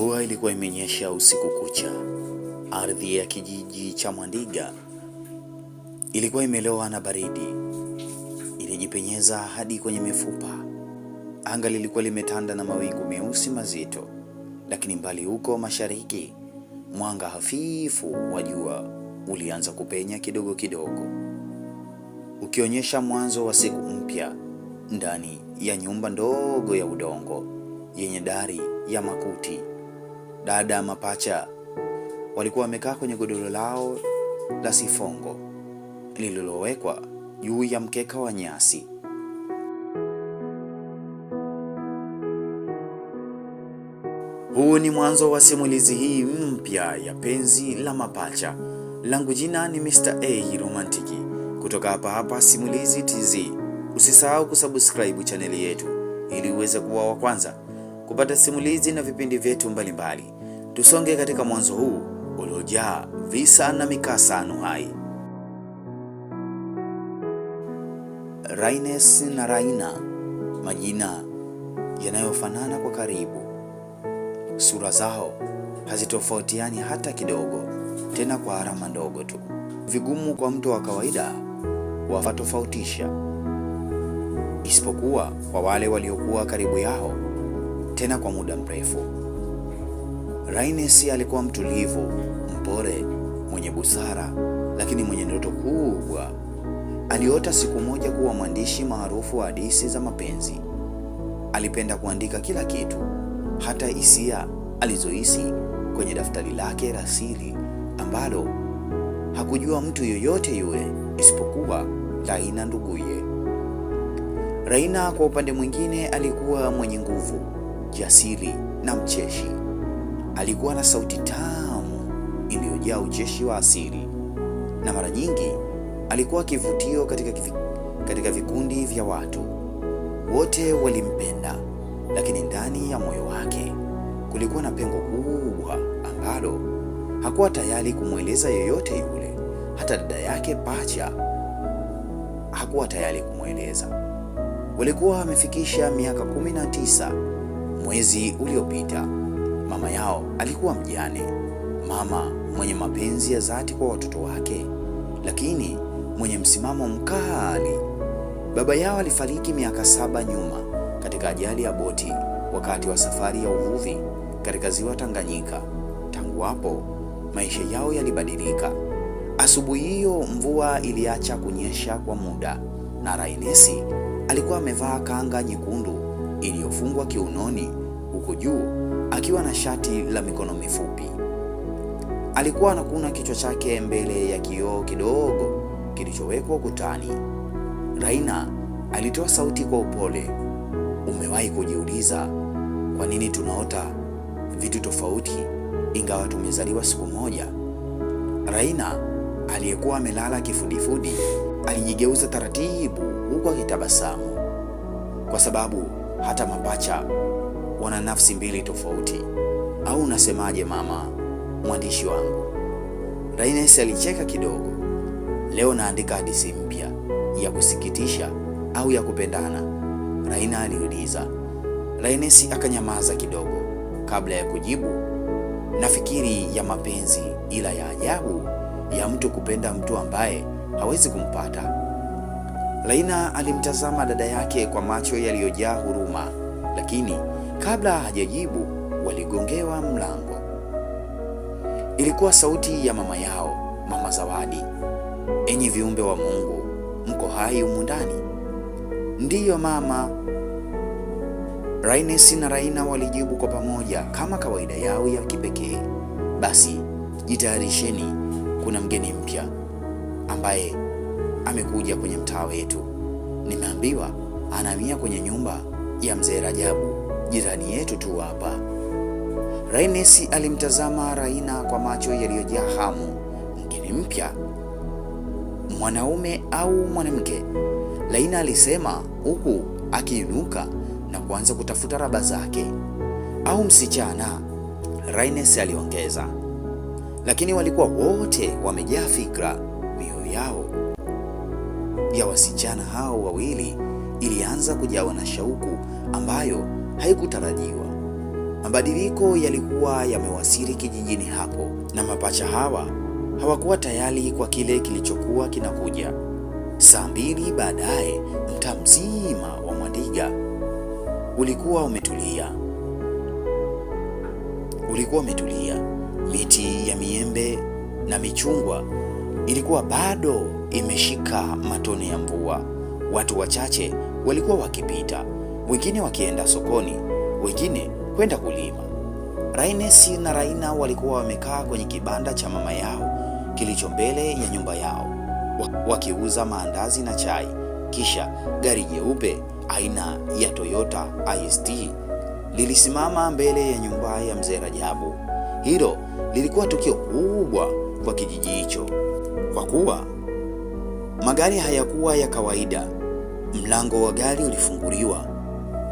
Mvua ilikuwa imenyesha usiku kucha. Ardhi ya kijiji cha Mwandiga ilikuwa imelowa na baridi, ilijipenyeza hadi kwenye mifupa. Anga lilikuwa limetanda na mawingu meusi mazito, lakini mbali huko mashariki, mwanga hafifu wa jua ulianza kupenya kidogo kidogo, ukionyesha mwanzo wa siku mpya ndani ya nyumba ndogo ya udongo yenye dari ya makuti. Dada mapacha walikuwa wamekaa kwenye godoro lao la sifongo lililowekwa juu ya mkeka wa nyasi. Huu ni mwanzo wa simulizi hii mpya ya penzi la mapacha. Langu jina ni Mr. A Romantiki kutoka hapa hapa Simulizi TZ. Usisahau kusubscribe chaneli yetu ili uweze kuwa wa kwanza kupata simulizi na vipindi vyetu mbalimbali. Tusonge katika mwanzo huu uliojaa visa na mikasa anuhai. Raines na Raina, majina yanayofanana kwa karibu. Sura zao hazitofautiani hata kidogo, tena kwa alama ndogo tu, vigumu kwa mtu wa kawaida watofautisha, isipokuwa kwa wale waliokuwa karibu yao, tena kwa muda mrefu. Rainis alikuwa mtulivu, mpore, mwenye busara, lakini mwenye ndoto kubwa. Aliota siku moja kuwa mwandishi maarufu wa hadithi za mapenzi. Alipenda kuandika kila kitu, hata hisia alizohisi kwenye daftari lake la siri ambalo hakujua mtu yoyote yule isipokuwa Raina nduguye. Raina kwa upande mwingine alikuwa mwenye nguvu, jasiri na mcheshi. Alikuwa na sauti tamu iliyojaa ucheshi wa asili, na mara nyingi alikuwa kivutio katika, katika vikundi vya watu. Wote walimpenda, lakini ndani ya moyo wake kulikuwa na pengo kubwa ambalo hakuwa tayari kumweleza yeyote yule. Hata dada yake Pacha hakuwa tayari kumweleza. Walikuwa wamefikisha miaka kumi na tisa mwezi uliopita. Mama yao alikuwa mjane, mama mwenye mapenzi ya dhati kwa watoto wake, lakini mwenye msimamo mkali. Baba yao alifariki miaka saba nyuma katika ajali ya boti wakati wa safari ya uvuvi katika ziwa Tanganyika. Tangu hapo maisha yao yalibadilika. Asubuhi hiyo mvua iliacha kunyesha kwa muda, na Rainesi alikuwa amevaa kanga nyekundu iliyofungwa kiunoni huko juu akiwa na shati la mikono mifupi. Alikuwa anakuna kichwa chake mbele ya kioo kidogo kilichowekwa ukutani. Raina alitoa sauti kwa upole, umewahi kujiuliza kwa nini tunaota vitu tofauti ingawa tumezaliwa siku moja? Raina aliyekuwa amelala kifudifudi alijigeuza taratibu, huku akitabasamu, kwa sababu hata mapacha wana nafsi mbili tofauti, au unasemaje mama mwandishi wangu? Raines alicheka kidogo. Leo naandika hadithi mpya ya kusikitisha au ya kupendana? Raina aliuliza. Raines akanyamaza kidogo kabla ya kujibu. Nafikiri ya mapenzi, ila ya ajabu ya mtu kupenda mtu ambaye hawezi kumpata. Raina alimtazama dada yake kwa macho yaliyojaa huruma, lakini Kabla hajajibu, waligongewa mlango. Ilikuwa sauti ya mama yao, Mama Zawadi. Enyi viumbe wa Mungu, mko hai humu ndani? Ndiyo mama. Rainesi na Raina walijibu kwa pamoja kama kawaida yao ya kipekee. Basi jitayarisheni, kuna mgeni mpya ambaye amekuja kwenye mtaa wetu. Nimeambiwa anahamia kwenye nyumba ya mzee Rajabu jirani yetu tu hapa. Rainesi alimtazama Raina kwa macho yaliyojaa hamu. Mgeni mpya, mwanaume au mwanamke? Raina alisema huku akiinuka na kuanza kutafuta raba zake. Au msichana? Rainesi aliongeza, lakini walikuwa wote wamejaa fikra. Mioyo yao ya wasichana hao wawili ilianza kujawa na shauku ambayo haikutarajiwa. Mabadiliko yalikuwa yamewasili kijijini hapo, na mapacha hawa hawakuwa tayari kwa kile kilichokuwa kinakuja. Saa mbili baadaye, mtaa mzima wa Mwandiga ulikuwa umetulia, ulikuwa umetulia. Miti ya miembe na michungwa ilikuwa bado imeshika matone ya mvua. Watu wachache walikuwa wakipita wengine wakienda sokoni, wengine kwenda kulima. Rainesi na Raina walikuwa wamekaa kwenye kibanda cha mama yao kilicho mbele ya nyumba yao wakiuza maandazi na chai. Kisha gari jeupe aina ya Toyota IST lilisimama mbele ya nyumba ya mzee Rajabu. Hilo lilikuwa tukio kubwa kwa kijiji hicho, kwa kuwa magari hayakuwa ya kawaida. Mlango wa gari ulifunguliwa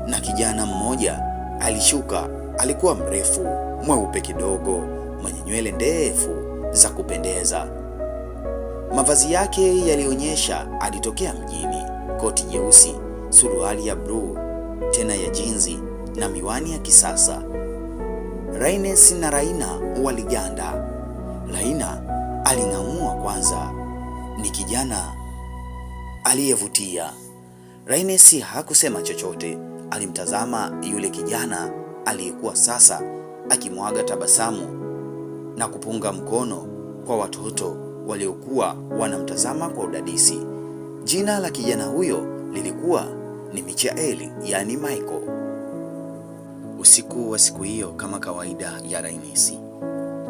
na kijana mmoja alishuka. Alikuwa mrefu mweupe kidogo, mwenye nywele ndefu za kupendeza. Mavazi yake yalionyesha alitokea mjini: koti jeusi, suruali ya bluu tena ya jinzi na miwani ya kisasa. Raines na Raina waliganda. Raina aling'amua kwanza, ni kijana aliyevutia. Raines hakusema chochote alimtazama yule kijana aliyekuwa sasa akimwaga tabasamu na kupunga mkono kwa watoto waliokuwa wanamtazama kwa udadisi. Jina la kijana huyo lilikuwa ni Michaeli, yaani Michael. Usiku wa siku hiyo, kama kawaida ya Rainisi,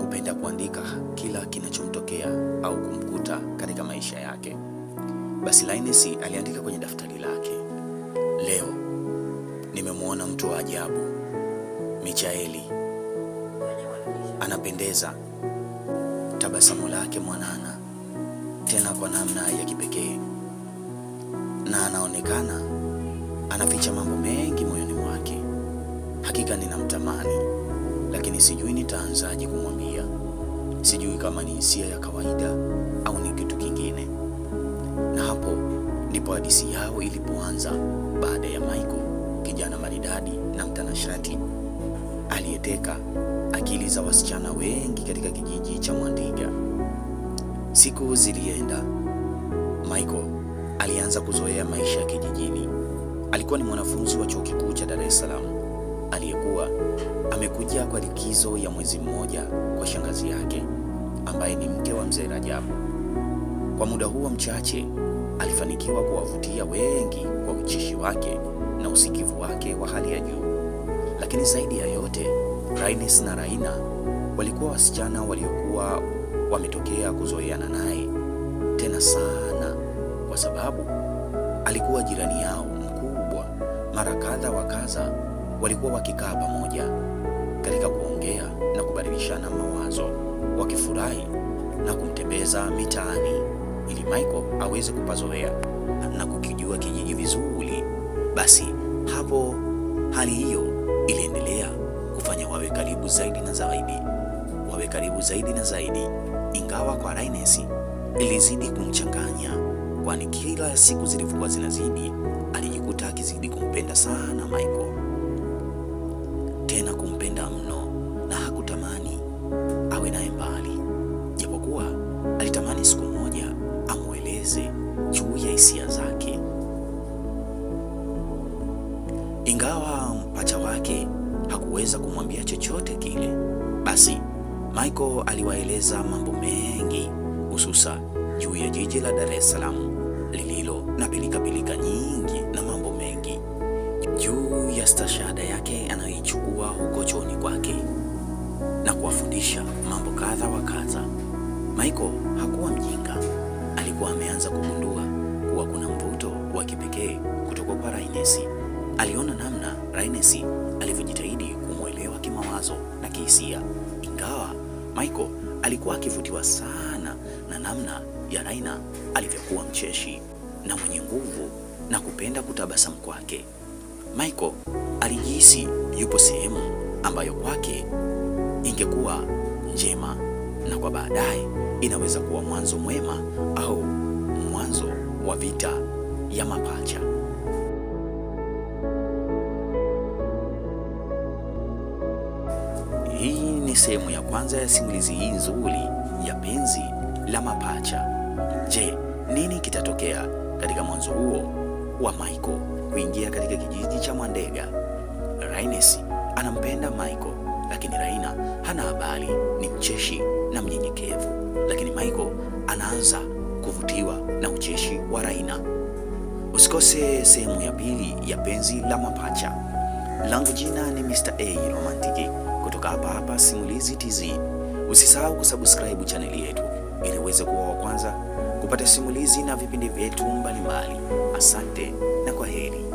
kupenda kuandika kila kinachomtokea au kumkuta katika maisha yake, basi Rainisi aliandika kwenye daftari lake leo nimemwona mtu wa ajabu. Michaeli anapendeza, tabasamu lake mwanana tena kwa namna ya kipekee, na anaonekana anaficha mambo mengi moyoni mwake. Hakika ninamtamani, lakini sijui nitaanzaje kumwambia. Sijui kama ni hisia ya kawaida au ni kitu kingine. Na hapo ndipo hadithi yao ilipoanza baada ya Michael kijana maridadi na mtanashati aliyeteka akili za wasichana wengi katika kijiji cha Mwandiga. Siku zilienda, Michael alianza kuzoea maisha ya kijijini. Alikuwa ni mwanafunzi wa chuo kikuu cha Dar es Salaam aliyekuwa amekuja kwa likizo ya mwezi mmoja kwa shangazi yake ambaye ni mke wa mzee Rajabu. Kwa muda huo mchache alifanikiwa kuwavutia wengi kwa uchishi wake na usikivu wake wa hali ya juu. Lakini zaidi ya yote, Rainis na Raina walikuwa wasichana waliokuwa wametokea kuzoeana naye tena sana, kwa sababu alikuwa jirani yao mkubwa. Mara kadha wa kadha walikuwa wakikaa pamoja katika kuongea na kubadilishana mawazo, wakifurahi na kumtembeza mitaani ili Michael aweze kupazoea na kuki basi hapo hali hiyo iliendelea kufanya wawe karibu zaidi na zaidi, wawe karibu zaidi na zaidi, ingawa kwa rainesi ilizidi kumchanganya, kwani kila siku zilivyokuwa zinazidi alijikuta akizidi kumpenda sana Michael tena Michael aliwaeleza mambo mengi hususa juu ya jiji la Dar es Salaam lililo na pilikapilika nyingi na mambo mengi, juu ya stashahada yake anayoichukua huko chuoni kwake na kuwafundisha mambo kadha wa kadha. Michael hakuwa mjinga, alikuwa ameanza kugundua kuwa kuna mvuto wa kipekee kutoka kwa rainesi Aliona namna rainesi alivyojitahidi kumwelewa kimawazo na kihisia Michael alikuwa akivutiwa sana na namna ya Raina alivyokuwa mcheshi na mwenye nguvu na kupenda kutabasamu kwake. Michael alijihisi yupo sehemu ambayo kwake ingekuwa njema na kwa baadaye inaweza kuwa mwanzo mwema au mwanzo wa vita ya mapacha. ni sehemu ya kwanza ya simulizi hii nzuri ya penzi la mapacha. Je, nini kitatokea katika mwanzo huo wa Michael kuingia katika kijiji cha Mwandega? raines anampenda Michael, lakini Raina hana habari, ni mcheshi na mnyenyekevu, lakini Michael anaanza kuvutiwa na ucheshi wa Raina. Usikose sehemu ya pili ya penzi la mapacha. Langu jina ni Mr. A Romantiki kutoka hapa hapa Simulizi Tz. Usisahau kusubscribe chaneli yetu ili uweze kuwa wa kwanza kupata simulizi na vipindi vyetu mbalimbali. Asante na kwa heri.